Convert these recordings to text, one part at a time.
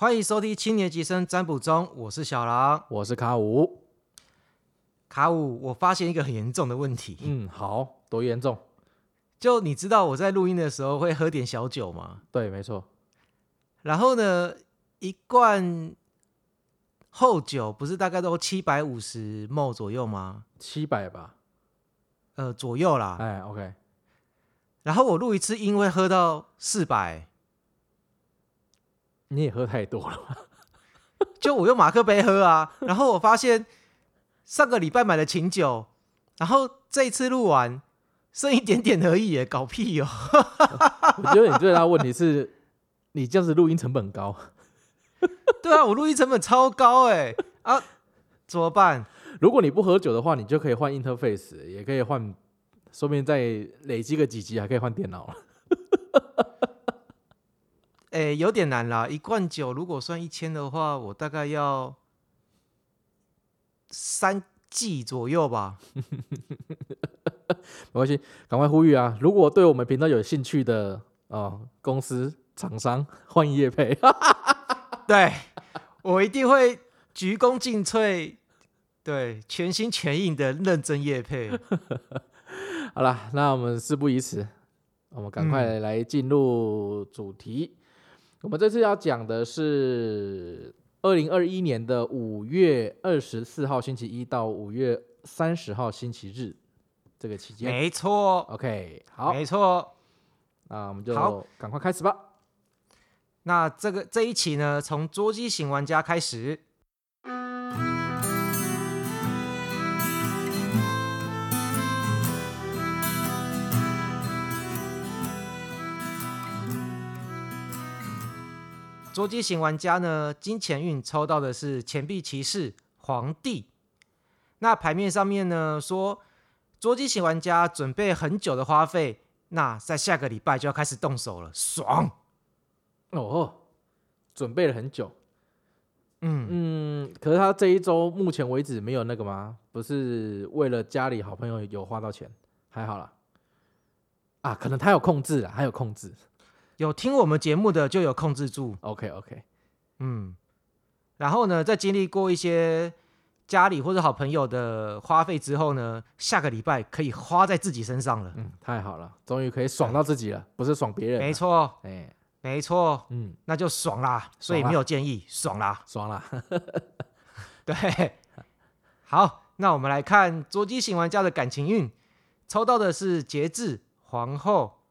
歡迎收聽《七年級生占卜》中，我是小狼，我是卡五。卡五，我發現一個很嚴重的問題。嗯，好，多嚴重？就你知道我在錄音的時候會喝點小酒嗎？對，沒錯。然後呢，一罐厚酒不是大概都七百五十 ml 左右嗎？七百吧，呃，左右啦。哎，OK。然後我錄一次音會喝到四百。你也喝太多了， 就我用馬克杯喝啊。然後我發現上個禮拜買的琴酒，然後這一次錄完剩一點點而已，搞屁哦、喔， 我覺得你最大的問題是，你這樣子錄音成本高。 對啊，我錄音成本超高哎啊，怎麼辦？如果你不喝酒的話，你就可以換 interface，也可以換，說不定再累積個幾集，還可以換電腦。 誒、欸，有點難啦！一罐酒如果算一千的話，我大概要三 G 左右吧。 沒關係，趕快呼籲啊！如果對我們頻道有興趣的哦，公司廠商換業配。 對，我一定會鞠躬盡瘁，對，全心全意的認真業配。 好了，那我們事不宜遲，我們趕快來進入主題。嗯我們這次要講的是二零二一年的五月二十四號星期一到五月三十號星期日這個期間。沒錯，OK，好，沒錯，那我們就好，趕快開始吧。那這個這一期呢，從家機型玩家開始。桌機型玩家呢，金錢運抽到的是錢幣騎士皇帝。那牌面上面呢說，桌機型玩家準備很久的花費，那在下個禮拜就要開始動手了，爽！哦，準備了很久，嗯嗯，可是他這一周目前為止沒有那個嗎？不是為了家裡好朋友有花到錢，還好啦。啊，可能他有控制，他有控制。有聽我們節目的就有控制住，OK OK，嗯，然後呢，在經歷過一些家裡或者好朋友的花費之後呢，下個禮拜可以花在自己身上了，嗯，太好了，終於可以爽到自己了，對不是爽別人，沒錯，哎，沒錯，嗯，那就爽啦，所以沒有建議，爽啦，爽啦，爽啦 對，好，那我們來看桌機型玩家的感情運，抽到的是節制皇後，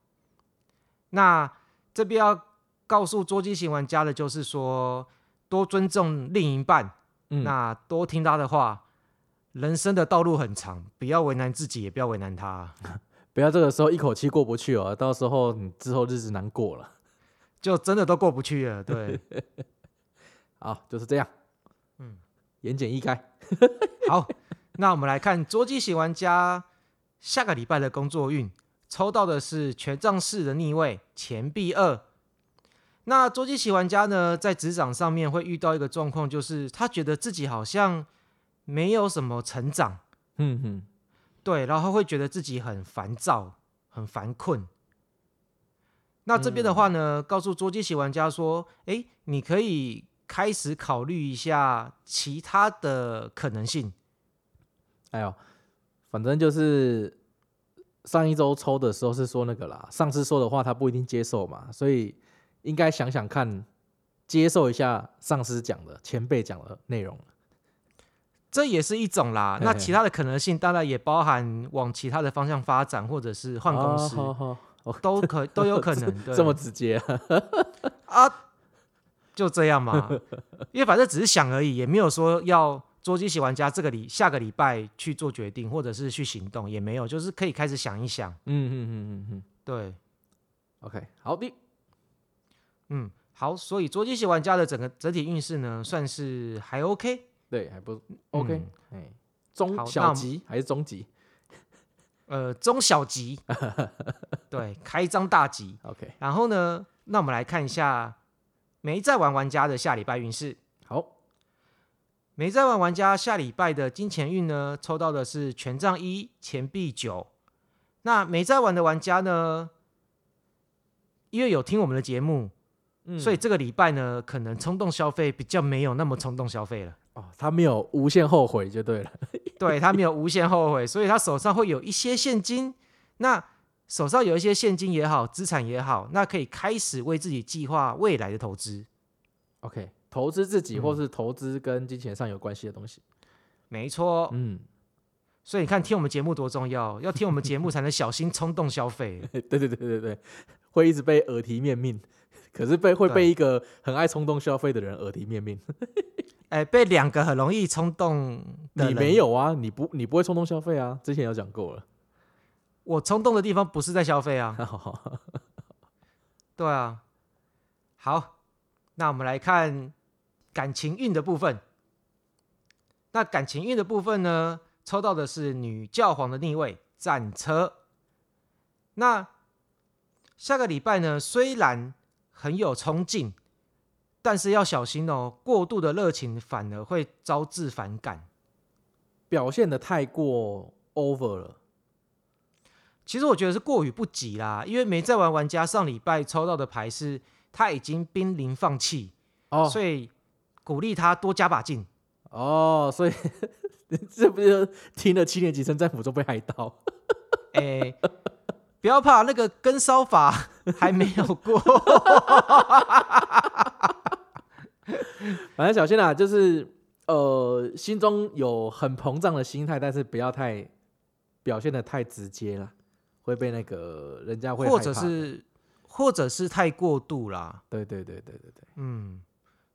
那。這邊要告訴桌機型玩家的就是說，多尊重另一半，嗯、那多聽他的話。人生的道路很長，不要為難自己，也不要為難他，不要這個時候一口氣過不去啊！到時候你之後日子難過了，就真的都過不去了。對， 好，就是這樣。嗯，言簡意賅。 好，那我們來看桌機型玩家下個禮拜的工作運。抽到的是權杖四的逆位，錢幣二。那家機型玩家呢，在職場上面會遇到一個狀況，就是他覺得自己好像沒有什麼成長，嗯哼，對，然後會覺得自己很煩躁，很煩困。那這邊的話呢，嗯、告訴家機型玩家說：“誒、欸，你可以開始考慮一下其他的可能性。”哎呦，反正就是。上一週抽的時候是說那個啦，上司說的話他不一定接受嘛，所以應該想想看，接受一下上司講的、前輩講的內容，這也是一種啦。嘿嘿，那其他的可能性當然也包含往其他的方向發展，或者是換公司，啊好好哦，都可都有可能。呵呵，對這麼直接啊？ 啊，就這樣嘛，因為反正只是想而已，也沒有說要。家機型玩家這個禮下個禮拜去做決定，或者是去行動也沒有，就是可以開始想一想。嗯嗯嗯嗯嗯，對。OK，好的嗯，好，所以家機型玩家的整個整體運勢呢，算是還 OK。對，還不 OK。哎、嗯，中好小吉集還是中吉？呃，中小吉。 對，開張大吉。OK。然後呢，那我們來看一下沒在玩玩家的下禮拜運勢。沒在玩玩家下禮拜的金錢運呢，抽到的是權杖一、錢幣九。那沒在玩的玩家呢，因為有聽我們的節目，嗯，所以這個禮拜呢，可能衝動消費比較沒有那麼衝動消費了。哦，他沒有無限後悔就對了。 對，他沒有無限後悔，所以他手上會有一些現金，那手上有一些現金也好，資產也好，那可以開始為自己計劃未來的投資。OK。投資自己，或是投資跟金錢上有關係的東西，嗯，沒錯。嗯，所以你看，聽我們節目多重要，要聽我們節目才能小心衝動消費。對 對對對對，會一直被耳提面命，可是被會被一個很愛衝動消費的人耳提面命。哎、 欸，被兩個很容易衝動的，你沒有啊？你不，你不會衝動消費啊？之前有講過了，我衝動的地方不是在消費啊。 對啊。好，那我們來看。感情運的部分，那感情運的部分呢？抽到的是女教皇的逆位戰車。那下個禮拜呢？雖然很有衝勁，但是要小心哦，過度的熱情反而會招致反感，表現得太過 over 了。其實我覺得是過於不及啦，因為沒在玩玩家上禮拜抽到的牌是他已經瀕臨放棄哦，所以。鼓勵他多加把勁哦，所以呵呵這不就聽了七年級生在福州被海盜？哎誒， 不要怕，那個跟燒法還沒有過。 反正小心啊，就是呃，心中有很膨脹的心態，但是不要太表現得太直接了，會被那個人家會害怕或者是或者是太過度啦。對對對對對對，嗯。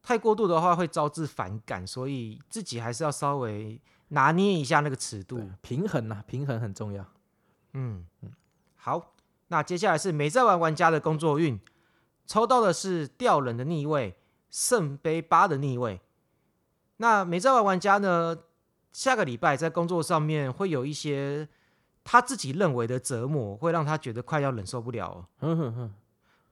太過度的話會招致反感，所以自己還是要稍微拿捏一下那個尺度，平衡啊，平衡很重要。嗯，好，那接下來是沒在玩玩家的工作運，抽到的是吊人的逆位，聖杯八的逆位。那沒在玩玩家呢，下個禮拜在工作上面會有一些他自己認為的折磨，會讓他覺得快要忍受不了哦。哼哼，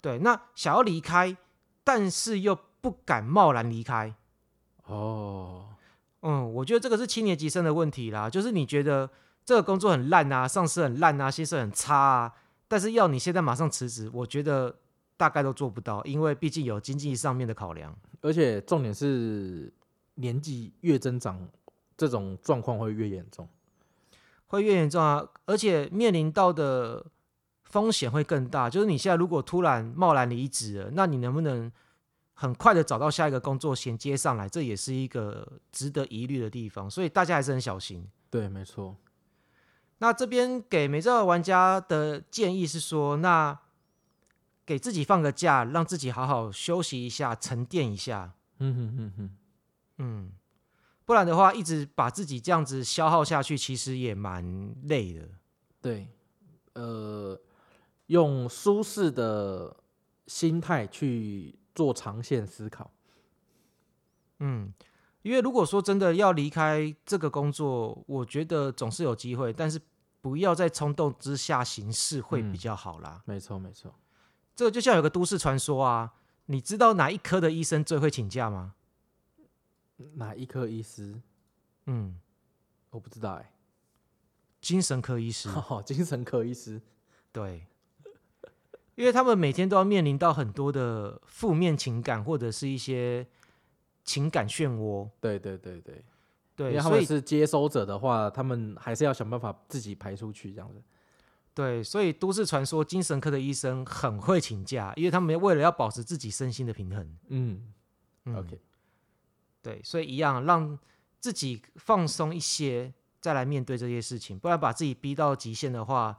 對，那想要離開，但是又。不敢貿然離開，哦，oh. 嗯，我覺得這個是七年級生的問題啦，就是你覺得這個工作很爛啊，上司很爛啊，薪水很差啊，但是要你現在馬上辭職，我覺得大概都做不到，因為畢竟有經濟上面的考量。而且重點是，年紀越增長，這種狀況會越嚴重，會越嚴重啊！而且面臨到的風險會更大，就是你現在如果突然貿然離職了，那你能不能？很快的找到下一個工作銜接上來，這也是一個值得疑慮的地方，所以大家還是很小心。對，沒錯。那這邊給每個玩家的建議是說，那給自己放個假，讓自己好好休息一下，沉澱一下。嗯，嗯不然的話，一直把自己這樣子消耗下去，其實也蠻累的。對，呃，用舒適的心態去。做長線思考，嗯，因為如果說真的要離開這個工作，我覺得總是有機會，但是不要在衝動之下行事會比較好啦。沒錯、嗯，沒錯，沒這個就像有個都市傳說啊，你知道哪一科的醫生最會請假嗎？哪一科醫師？嗯，我不知道哎、欸哦，精神科醫師，精神科醫師對。因為他們每天都要面臨到很多的負面情感或者是一些情感漩渦。對對對對對，然後對是接收者的話，以他們還是要想辦法自己排出去，這樣子。對，所以都市傳說精神科的醫生很會請假，因為他們為了要保持自己身心的平衡。嗯，OK。對，所以一樣讓自己放鬆一些，再來面對這些事情，不然把自己逼到極限的話。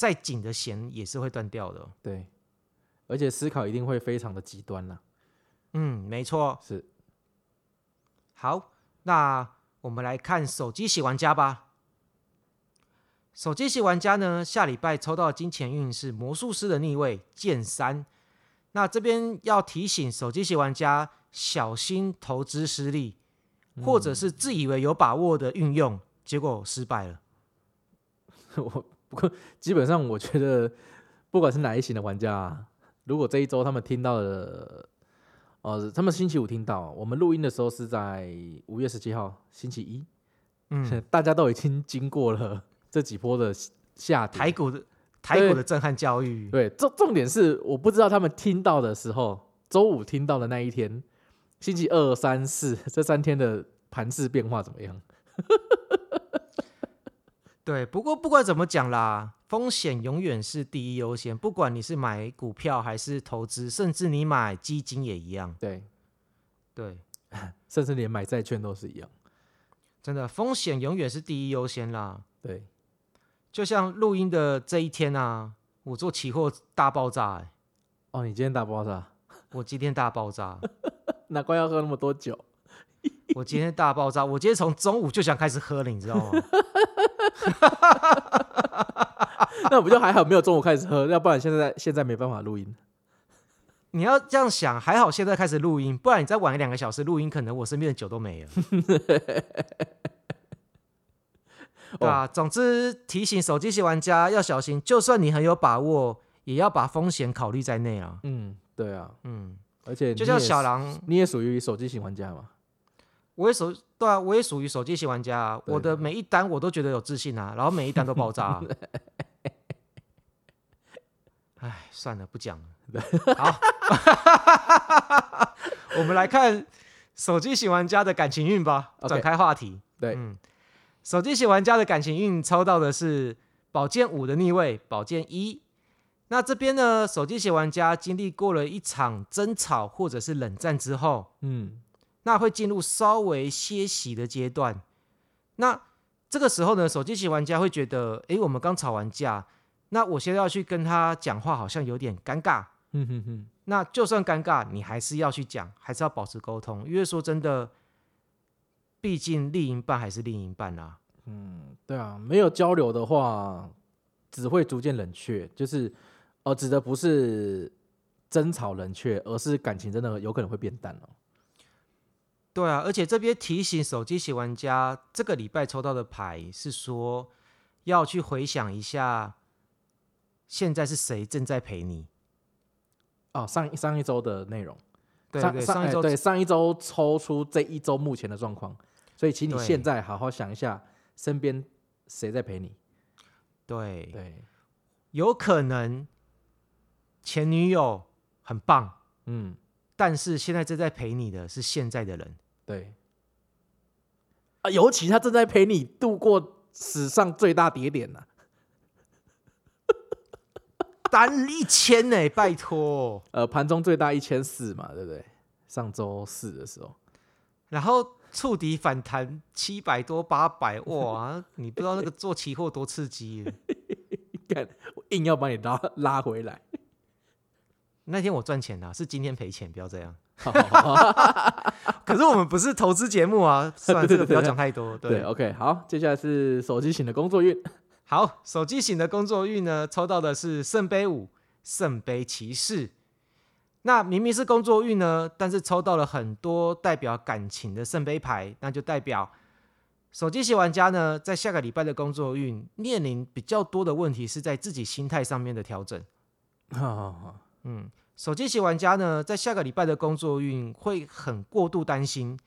再緊的弦也是會斷掉的。對，而且思考一定會非常的極端啦、啊。嗯，沒錯。是。好，那我們來看手機系玩家吧。手機系玩家呢，下禮拜抽到金錢運是魔術師的逆位劍三。那這邊要提醒手機系玩家小心投資失利，嗯、或者是自以為有把握的運用，結果失敗了。我。不過，基本上我覺得，不管是哪一型的玩家，啊，如果這一周他們聽到了，哦，呃，他們星期五聽到，我們錄音的時候是在五月十七號星期一，嗯，大家都已經經過了這幾波的下台股的台股的震撼教育。對，對，重重點是我不知道他們聽到的時候，周五聽到的那一天，星期二、三、四這三天的盤勢變化怎麼樣？ 對，不過不管怎麼講啦，風險永遠是第一優先。不管你是買股票還是投資，甚至你買基金也一樣。對，對，甚至連買債券都是一樣。真的，風險永遠是第一優先啦。對，就像錄音的這一天啊，我做期貨大爆炸欸。哦，你今天大爆炸？我今天大爆炸？ 難怪要喝那麼多酒。 我今天大爆炸。我今天從中午就想開始喝了，你知道嗎？ 那不就還好，沒有中午開始喝，要不然現在現在沒辦法錄音。你要這樣想，還好現在開始錄音，不然你再晚一兩個小時錄音，錄音可能我身邊的酒都沒了。對、 哦、啊，總之提醒手機型玩家要小心，就算你很有把握，也要把風險考慮在內啊。嗯，對啊，嗯，而且就像小狼，你也屬於手機型玩家嘛。我也手對啊，我也屬於手機型玩家啊。我的每一單我都覺得有自信啊，然後每一單都爆炸啊。哎，算了，不講了。好，我們來看手機型玩家的感情運吧。轉開話題，對，手機型玩家的感情運抽到的是寶劍五的逆位，寶劍一。那這邊呢，手機型玩家經歷過了一場爭吵或者是冷戰之後，嗯。那會進入稍微歇息的階段，那這個時候呢，手機型玩家會覺得，哎，我們剛吵完架，那我現在要去跟他講話，好像有點尷尬。哼哼，那就算尷尬，你還是要去講，還是要保持溝通，因為說真的，畢竟另一半還是另一半啊。嗯，對啊，沒有交流的話，只會逐漸冷卻。就是，哦、呃，指的不是爭吵冷卻，而是感情真的有可能會變淡哦。對啊，而且這邊提醒手機型玩家，這個禮拜抽到的牌是說要去回想一下，現在是誰正在陪你？哦，上一上一週的內容，對上上、上一週、哎、對上一週抽出這一週目前的狀況，所以請你現在好好想一下，身邊誰在陪你？對對，對有可能前女友很棒，嗯，但是現在正在陪你的是現在的人。對，啊，尤其他正在陪你度過史上最大跌點呢，啊，單一千呢，拜託，呃，盤中最大一千四嘛，對不對？上周四的時候，然後觸底反彈七百多八百，哇， 你不知道那個做期貨多刺激 幹，我硬要把你拉拉回來。那天我賺錢了、啊，是今天賠錢，不要這樣。 可是我們不是投資節目啊，算這個不要講太多。對, 對,對,對,對,對，OK，好，接下來是手機型的工作運。好，手機型的工作運呢，抽到的是聖杯五，聖杯騎士。那明明是工作運呢，但是抽到了很多代表感情的聖杯牌，那就代表手機型玩家呢，在下個禮拜的工作運面臨比較多的問題，是在自己心態上面的調整。好好好。嗯，手機型玩家呢，在下個禮拜的工作運會很過度擔心，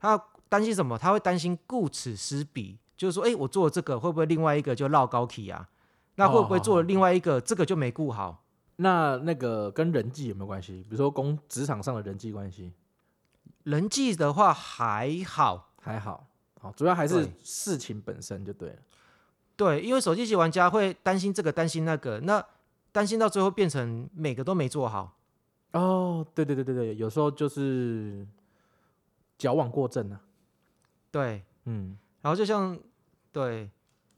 他擔心什麼？他會擔心顧此失彼，就是說，哎、欸，我做了這個會不會另外一個就落高 k 啊？那會不會做了另外一個、哦嗯、這個就沒顧好？那那個跟人際有沒有關係？比如說，工職場上的人際關係，人際的話還好，還好好，主要還是事情本身就對了。對，對，因為手機型玩家會擔心這個，擔心那個，那。擔心到最後變成每個都沒做好哦，對、oh, 對對對對，有時候就是矯枉過正了、啊，對，嗯，然後就像對，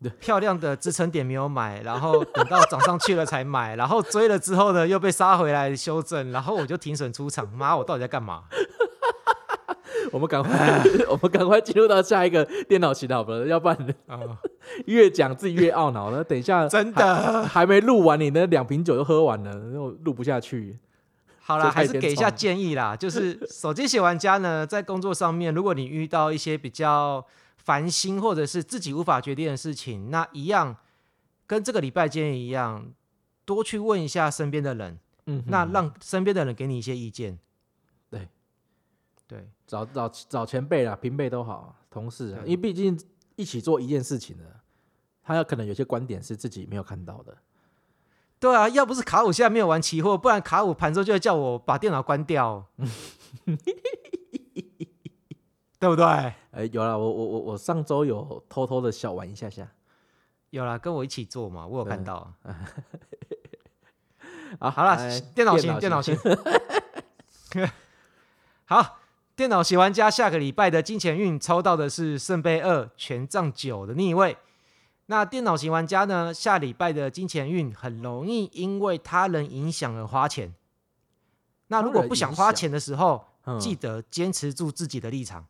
對漂亮的支撐點沒有買，然後等到漲上去了才買， 然後追了之後呢又被殺回來修正，然後我就停損出場，媽，我到底在幹嘛？我們趕快、啊， 我們趕快進入到下一個電腦型吧，要不然啊、哦， 越講自己越懊惱了。等一下，真的還沒錄完，你那兩瓶酒都喝完了，又錄不下去。好了啦，還是給一下建議啦，就是手機寫玩家呢， 在工作上面，如果你遇到一些比較煩心，或者是自己無法決定的事情，那一樣跟這個禮拜建議一樣，多去問一下身邊的人，嗯哼，那讓身邊的人給你一些意見。對，找找找前輩啦，平輩都好，同事，對因為畢竟一起做一件事情的，他有可能有些觀點是自己沒有看到的。對啊，要不是卡五現在沒有玩期貨，不然卡五盤中就會叫我把電腦關掉， 對不對？哎、欸，有了，我我我我上周有偷偷的小玩一下下，有了，跟我一起做嘛，我有看到。啊對。好了，電腦型，電腦型，好。電腦型玩家下個禮拜的金錢運抽到的是聖杯二、權杖九的逆位。那電腦型玩家呢？下禮拜的金錢運很容易因為他人影響而花錢。那如果不想花錢的時候，嗯、記得堅持住自己的立場。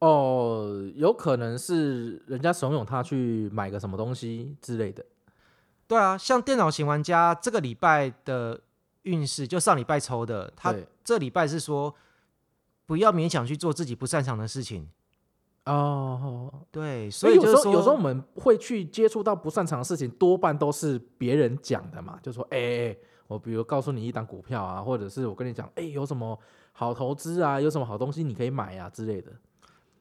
哦，有可能是人家慫恿他去買個什麼東西之類的。對啊，像電腦型玩家這個禮拜的運勢，就上禮拜抽的，他這禮拜是說。不要勉強去做自己不擅長的事情。哦，uh, 對，所以有時候有時候我們會去接觸到不擅長的事情，多半都是別人講的嘛。就說，哎、欸欸，我比如告訴你一檔股票啊，或者是我跟你講，哎、欸，有什麼好投資啊，有什麼好東西你可以買啊之類的。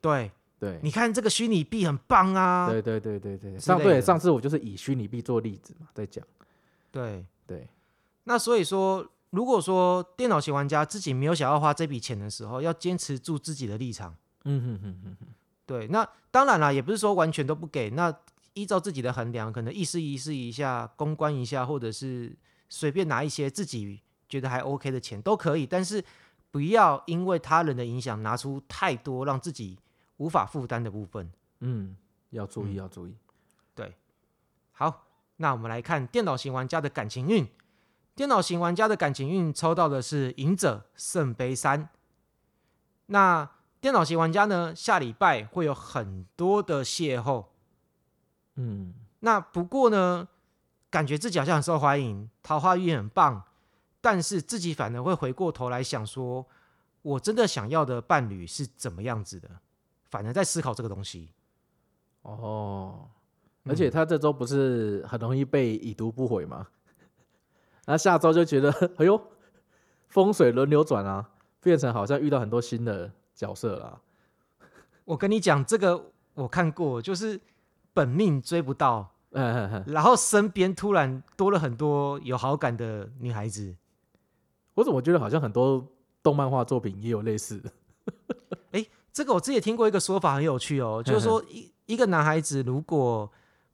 對對，對你看這個虛擬幣很棒啊。對對對對對，上對上次我就是以虛擬幣做例子嘛，在講。對對，對那所以說。如果說電腦型玩家自己沒有想要花這筆錢的時候，要堅持住自己的立場。嗯哼哼哼哼，對。那當然啦，也不是說完全都不給。那依照自己的衡量，可能意思意思一下，公關一下，或者是隨便拿一些自己覺得還 OK 的錢都可以。但是不要因為他人的影響拿出太多，讓自己無法負擔的部分。嗯，要注意，嗯、要注意。對。好，那我們來看電腦型玩家的感情運。電腦型玩家的感情運抽到的是《隱者聖杯三》，那電腦型玩家呢？下禮拜會有很多的邂逅，嗯，那不過呢，感覺自己好像很受歡迎，桃花運很棒，但是自己反而會回過頭來想說，我真的想要的伴侶是怎麼樣子的？反而在思考這個東西。哦，嗯、而且他這周不是很容易被已讀不回嗎？那、啊、下週就覺得，哎呦，風水輪流轉啊，變成好像遇到很多新的角色啦。我跟你講，這個我看過，就是本命追不到，嗯、哼哼，然後身邊突然多了很多有好感的女孩子。我怎麼覺得好像很多動漫畫作品也有類似的？哎、 欸，這個我自己聽過一個說法，很有趣哦，就是說、嗯、哼一一個男孩子如果。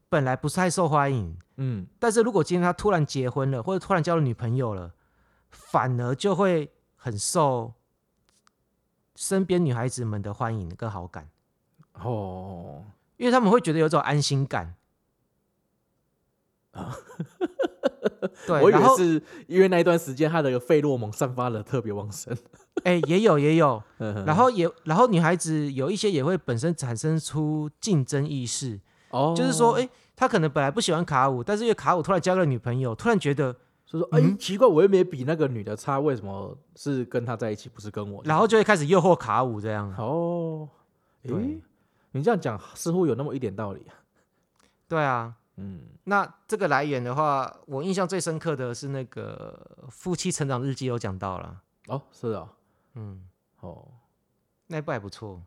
本來不是太受歡迎，嗯，但是如果今天他突然結婚了，或者突然交了女朋友了，反而就會很受身邊女孩子們的歡迎跟好感哦，因為他們會覺得有這種安心感啊。 對，我以為是後因為那一段時間他的費洛蒙散發了特別旺盛。哎、 欸，也有也有，呵呵，然後也然後女孩子有一些也會本身產生出競爭意識。哦，oh. 就是說，哎，欸，他可能本來不喜歡卡五，但是因為卡五突然交了女朋友，突然覺得，所以說，哎，欸，嗯，奇怪，我又沒比那個女的差，為什麼是跟她在一起，不是跟我？然後就會開始誘惑卡五這樣。哦，oh. 對，對。你這樣講似乎有那麼一點道理。對啊，嗯，那這個來源的話，我印象最深刻的是那個《夫妻成長日記》有講到了。哦，是的，嗯，哦，oh. 那部還不錯。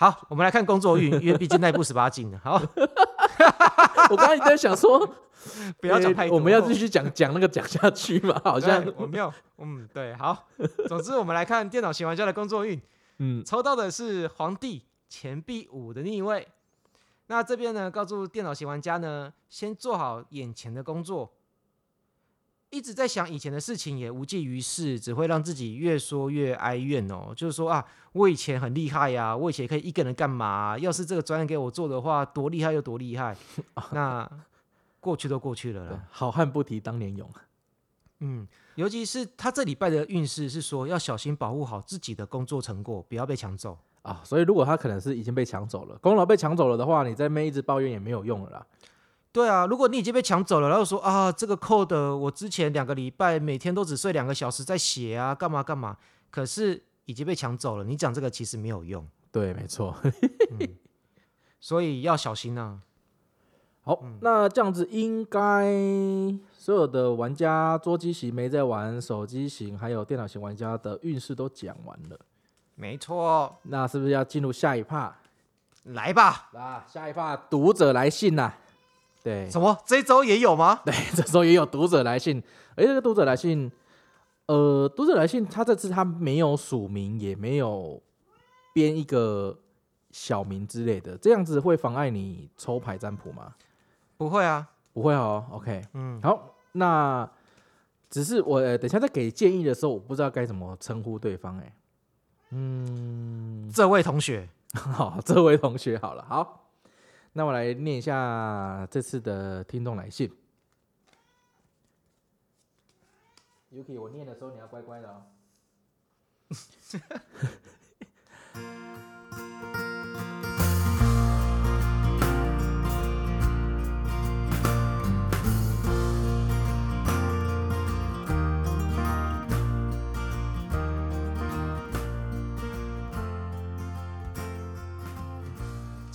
好，我們來看工作運，因為畢竟內部十八禁的。好， 我剛剛一直在想說， 不要講太多，欸、 我們要繼續講講那個講下去嘛？好像我沒有，嗯，對，好。總之，我們來看電腦型玩家的工作運。嗯， 抽到的是皇帝錢幣五的逆位。嗯、那這邊呢，告訴電腦型玩家呢，先做好眼前的工作。一直在想以前的事情也無濟於事，只會讓自己越說越哀怨哦。就是說啊，我以前很厲害呀、啊，我以前可以一個人幹嘛、啊？要是這個專業給我做的話，多厲害有多厲害。 那過去都過去了啦。好漢不提當年勇。嗯，尤其是他這禮拜的運勢是說要小心保護好自己的工作成果，不要被搶走啊。所以如果他可能是已經被搶走了，功勞被搶走了的話，你在那一直抱怨也沒有用了啦。對啊，如果你已經被搶走了，然後說啊，這個 code 我之前兩個禮拜每天都只睡兩個小時在寫啊，幹嘛幹嘛，可是已經被搶走了，你講這個其實沒有用。對，沒錯。 嗯、所以要小心吶、啊。好，嗯、那這樣子應該所有的玩家桌機型沒在玩，手機型還有電腦型玩家的運勢都講完了。沒錯。那是不是要進入下一趴？來吧，啊，下一趴讀者來信啦、啊。對，什麼？這週也有嗎？對，這週也有讀者來信。哎，這個讀者來信，呃，讀者來信，他這次他沒有署名，也沒有編一個小名之類的，這樣子會妨礙你抽牌占卜嗎？不會啊，不會哦。OK，嗯，好，那只是我等下在給建議的時候，我不知道該怎麼稱呼對方。哎，嗯，這位同學， 好，這位同學，好了，好。那我來念一下這次的聽眾來信。Yuki，我念的時候你要乖乖的哦。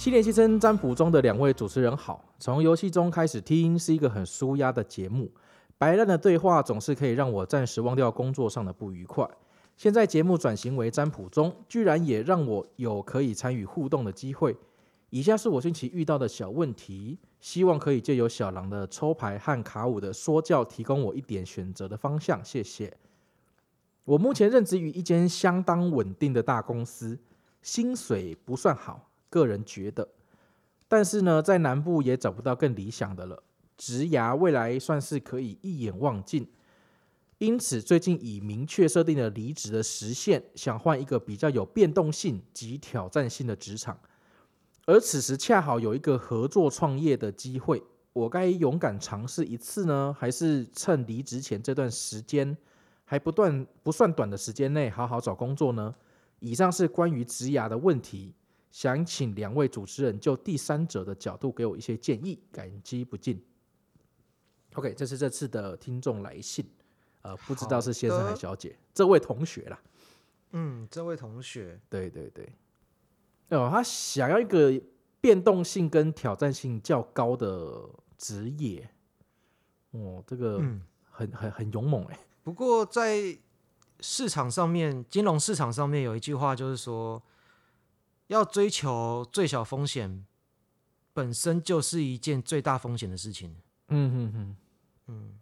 七年級生占卜中的兩位主持人好，從遊戲中開始聽是一個很舒壓的節目，白爛的對話總是可以讓我暫時忘掉工作上的不愉快。現在節目轉型為占卜中，居然也讓我有可以參與互動的機會。以下是我近期遇到的小問題，希望可以借由小狼的抽牌和卡五的說教，提供我一點選擇的方向。謝謝。我目前任職於一間相當穩定的大公司，薪水不算好。個人覺得，但是呢，在南部也找不到更理想的了。職涯未來算是可以一眼望盡，因此最近已明確設定了離職的時限，想換一個比較有變動性及挑戰性的職場。而此時恰好有一個合作創業的機會，我該勇敢嘗試一次呢，還是趁離職前這段時間還不斷不算短的時間內好好找工作呢？以上是關於職涯的問題。想請兩位主持人就第三者的角度給我一些建議，感激不盡。OK，這是這次的聽眾來信，呃，不知道是先生還是小姐，的這位同學啦。嗯，這位同學，對對對，哦，他想要一個變動性跟挑戰性較高的職業。哦，這個很，嗯，很很很勇猛，欸，不過在市場上面，金融市場上面有一句話就是說，要追求最小風險，本身就是一件最大風險的事情。嗯嗯嗯，嗯。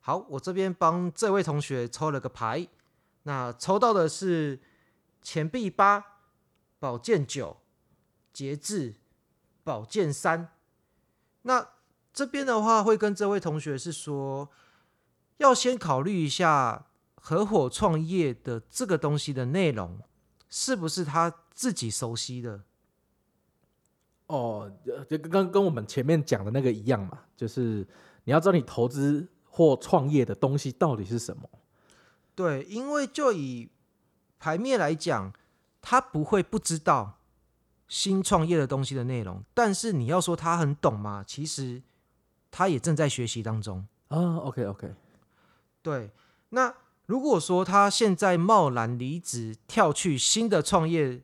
好，我這邊幫這位同學抽了個牌，那抽到的是錢幣八、寶劍九、節制、寶劍三。那這邊的話，會跟這位同學是說，要先考慮一下合夥創業的這個東西的內容。是不是他自己熟悉的？哦，oh, 就跟跟我們前面講的那個一樣嘛，就是你要知道你投資或創業的東西到底是什麼。對，因為就以牌面來講，他不會不知道新創業的東西的內容，但是你要說他很懂嘛，其實他也正在學習當中。啊，oh, OK OK，對，那。如果說他現在貿然離職，跳去新的創業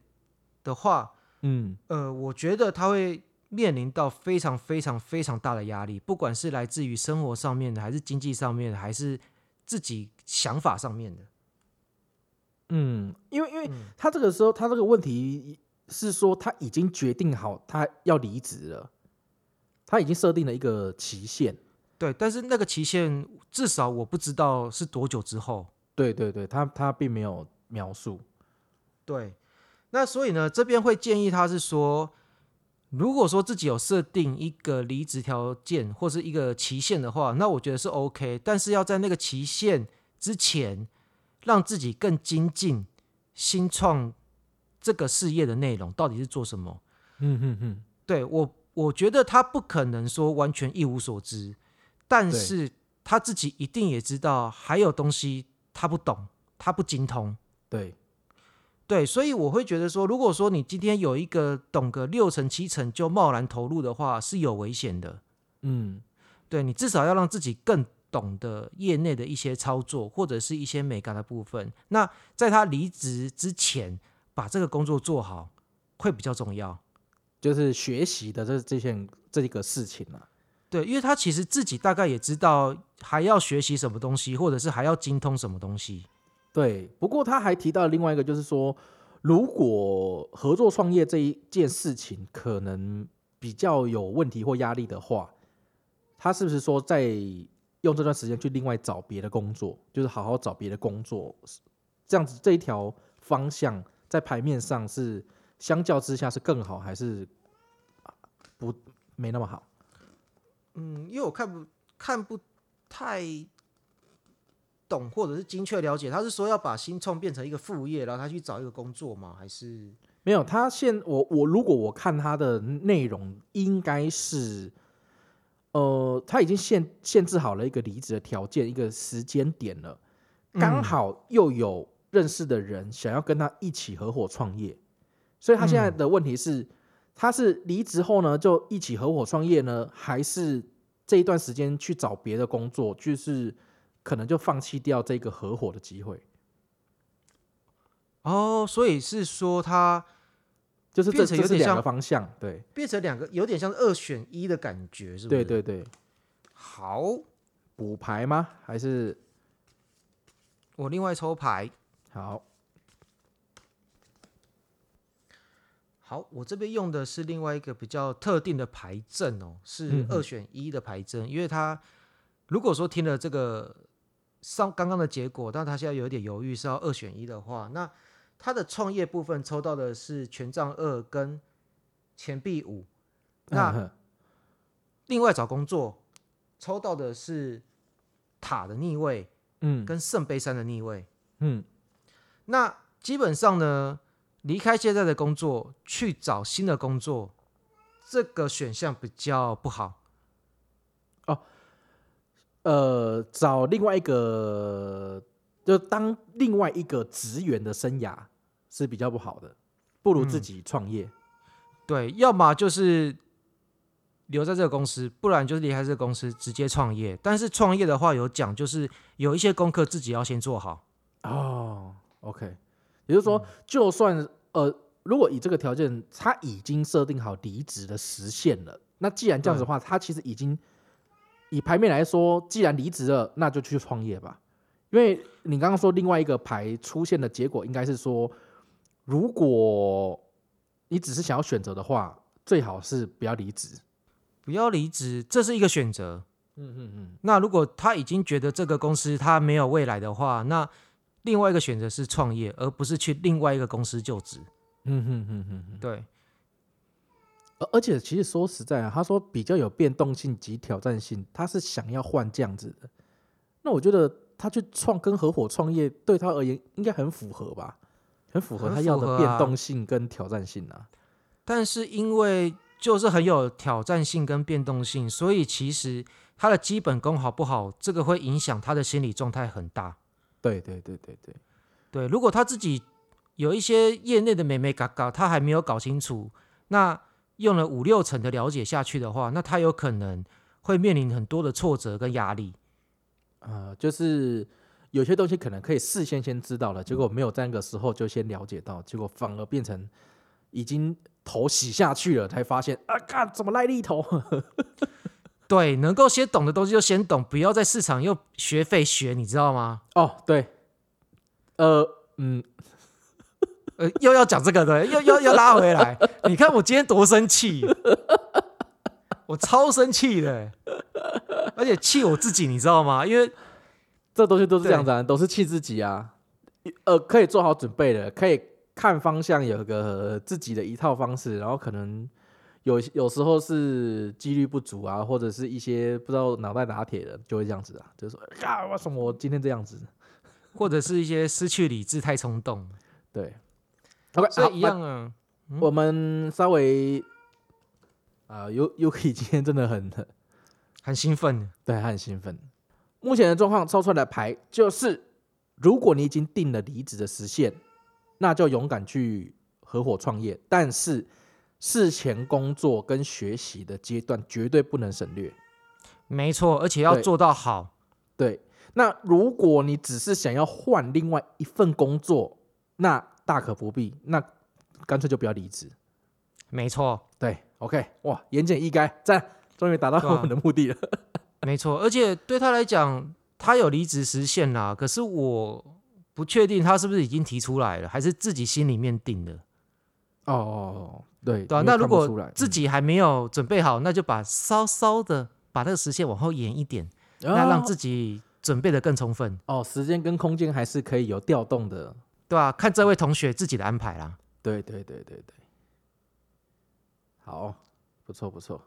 的話，嗯，呃，我覺得他會面臨到非常非常非常大的壓力，不管是來自於生活上面的，還是經濟上面的，還是自己想法上面的。嗯，因為因為他這個時候、嗯、他這個問題是說他已經決定好他要離職了，他已經設定了一個期限。對，但是那個期限至少我不知道是多久之後。對對對，他他並沒有描述，對，那所以呢，這邊會建議他是說，如果說自己有設定一個離職條件或是一個期限的話，那我覺得是 OK，但是要在那個期限之前，讓自己更精進新創這個事業的內容到底是做什麼？嗯嗯嗯，對，我我覺得他不可能說完全一無所知，但是他自己一定也知道還有東西。他不懂，他不精通，對，對，所以我會覺得說，如果說你今天有一個懂個六成七成就貿然投入的話，是有危險的。嗯，對，你至少要讓自己更懂得業內的一些操作或者是一些美感的部分。那在他離職之前，把這個工作做好會比較重要，就是學習的這這些這個事情嘛、啊。對，因為他其實自己大概也知道還要學習什麼東西，或者是還要精通什麼東西。對，不過他還提到另外一個，就是說，如果合作創業這一件事情可能比較有問題或壓力的話，他是不是說在用這段時間去另外找別的工作，就是好好找別的工作？這樣子這一條方向在牌面上是相較之下是更好，還是不，沒那麼好？嗯，因為我看不看不太懂，或者是精確了解，他是說要把新創變成一個副業，然後他去找一個工作嗎？還是沒有？他現我我如果我看他的內容應，應該是呃，他已經限限制好了一個離職的條件，一個時間點了，剛好又有認識的人想要跟他一起合夥創業，所以他現在的問題是。嗯他是離職後呢，就一起合夥創業呢，還是這一段時間去找別的工作，就是可能就放棄掉這個合夥的機會？哦，所以是說他就是變成兩個方向，對，變成兩個有點像二選一的感覺，是不是？對對對。好，補牌嗎？還是我另外抽牌？好。好，我這邊用的是另外一個比較特定的牌陣哦，是二選一的牌陣，嗯嗯，因為他如果說聽了這個上剛剛的結果，但他現在有點猶豫是要二選一的話，那他的創業部分抽到的是權杖二跟錢幣五，那另外找工作抽到的是塔的逆位，嗯，跟聖杯三的逆位，嗯，嗯，那基本上呢。離開現在的工作，去找新的工作，這個選項比較不好。哦，呃，找另外一個就當另外一個職員的生涯是比較不好的，不如自己創業。嗯，對，要麼就是留在這個公司，不然就是離開這個公司直接創業。但是創業的話，有講就是有一些功課自己要先做好。哦，oh，OK。也就是說，就算呃，如果以這個條件，他已經設定好離職的時限了。那既然這樣子的話，他其實已經以牌面來說，既然離職了，那就去創業吧。因為你剛剛說另外一個牌出現的結果，應該是說，如果你只是想要選擇的話，最好是不要離職。不要離職，這是一個選擇。嗯嗯嗯。那如果他已經覺得這個公司他沒有未來的話，那另外一個選擇是創業，而不是去另外一個公司就職。嗯哼嗯嗯嗯嗯，對。而而且，其實說實在啊，他說比較有變動性及挑戰性，他是想要換這樣子的。那我覺得他去創跟合夥創業，對他而言應該很符合吧？很符合他要的變動性跟挑戰性啊。啊但是因為就是很有挑戰性跟變動性，所以其實他的基本功好不好，這個會影響他的心理狀態很大。對對對對對對，對，如果他自己有一些業內的美眉嘎嘎，他還沒有搞清楚，那用了五六成的了解下去的話，那他有可能會面臨很多的挫折跟壓力。呃，就是有些東西可能可以事先先知道了，結果沒有在那個時候就先了解到，嗯、結果反而變成已經頭洗下去了，才發現啊，幹怎麼賴力頭？ 對，能夠先懂的東西就先懂，不要在市場又學費學，你知道嗎？哦，對，呃，嗯，呃、又要講這個，對， 又要，要拉回來。 你看我今天多生氣， 我超生氣的， 而且氣我自己，你知道嗎？因為這東西都是這樣子、啊，對都是氣自己啊。呃，可以做好準備的，可以看方向，有個、呃、自己的一套方式，然後可能。有有時候是幾率不足啊，或者是一些不知道腦袋打鐵的就會這樣子啊，就是說啊、哎，為什麼我今天這樣子？或者是一些失去理智太衝、太衝動。對、哦，OK，啊，一樣啊。好嗯、我們稍微啊，U 可以。呃，今天真的很很興奮，對，很興奮。目前的狀況抽出來的牌就是，如果你已經定了離職的實現，那就勇敢去合夥創業，但是。事前工作跟學習的階段絕對不能省略，沒錯，而且要做到好。對，對，那如果你只是想要換另外一份工作，那大可不必，那乾脆就不要離職。沒錯，對，OK，哇，言簡意賅，讚，終於達到我們的目的了。啊、沒錯，而且對他來講，他有離職時限啦，可是我不確定他是不是已經提出來了，還是自己心裡面定的。哦，哦，哦，哦。對，對、啊、那如果自己還沒有準備好，嗯、那就把稍稍的把這個時限往後延一點，哦、那讓自己準備的更充分哦。時間跟空間還是可以有調動的，對吧、啊？看這位同學自己的安排啦。對對對對，對好，不錯不錯。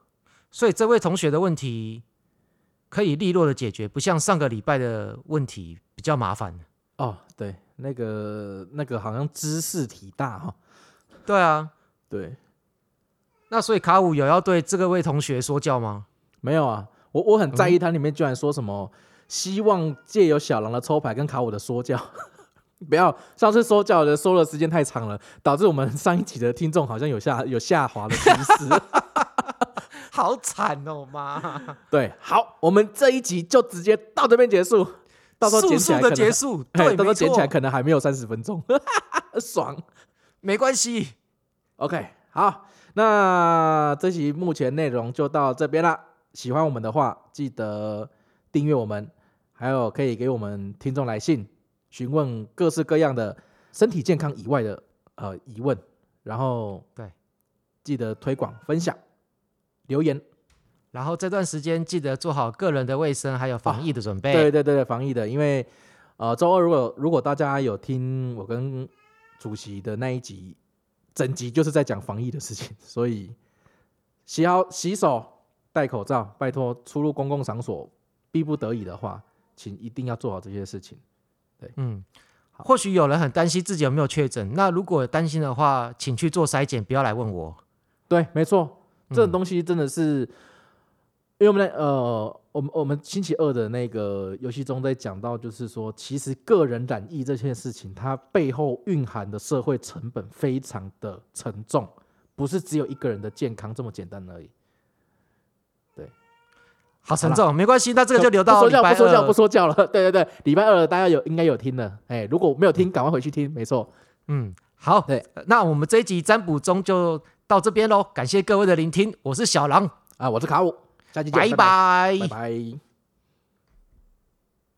所以這位同學的問題可以利落的解決，不像上個禮拜的問題比較麻煩哦。對，那個那個好像知識題大哈、哦。對啊，對。那所以卡五有要對這個位同學說教嗎？沒有啊，我我很在意他裡面居然說什麼、嗯、希望借由小狼的抽牌跟卡五的說教， 不要上次說教的說的時間太長了，導致我們上一集的聽眾好像有下有下滑的趨勢， 好慘哦媽！媽對，好，我們這一集就直接到這邊結束，速速的結束，到時候對，都嘿錯剪起來可能還沒有三十分鐘， 爽，沒關係，OK，好。那這期目前內容就到這邊了。喜歡我們的話，記得訂閱我們，還有可以給我們聽眾來信，詢問各式各樣的身體健康以外的呃疑問。然後對，記得推廣分享留言。然後這段時間記得做好個人的衛生，還有防疫的準備。啊，對對對，防疫的，因為呃，週二如果如果大家有聽我跟主席的那一集。整集就是在講防疫的事情，所以洗好洗手、戴口罩，拜託出入公共場所，逼不得已的話，請一定要做好這些事情。對，嗯，好或許有人很擔心自己有沒有確診，那如果擔心的話，請去做篩檢，不要來問我。對，沒錯，這種、個、東西真的是，嗯、因為我們呃。我們我們星期二的那個遊戲中在講到，就是說，其實個人染疫這件事情，它背後蘊含的社會成本非常的沉重，不是只有一個人的健康這麼簡單而已。對，好，沉重啦。沒關係，那這個就留到說教，說教，不說教，不說教了。對對對，禮拜二的大家有應該有聽了，哎，如果沒有聽，趕快回去聽。嗯，沒錯，嗯，好，對，那我們這一集占卜中就到這邊嘍，感謝各位的聆聽，我是小狼，啊，我是卡五。下次見，拜拜。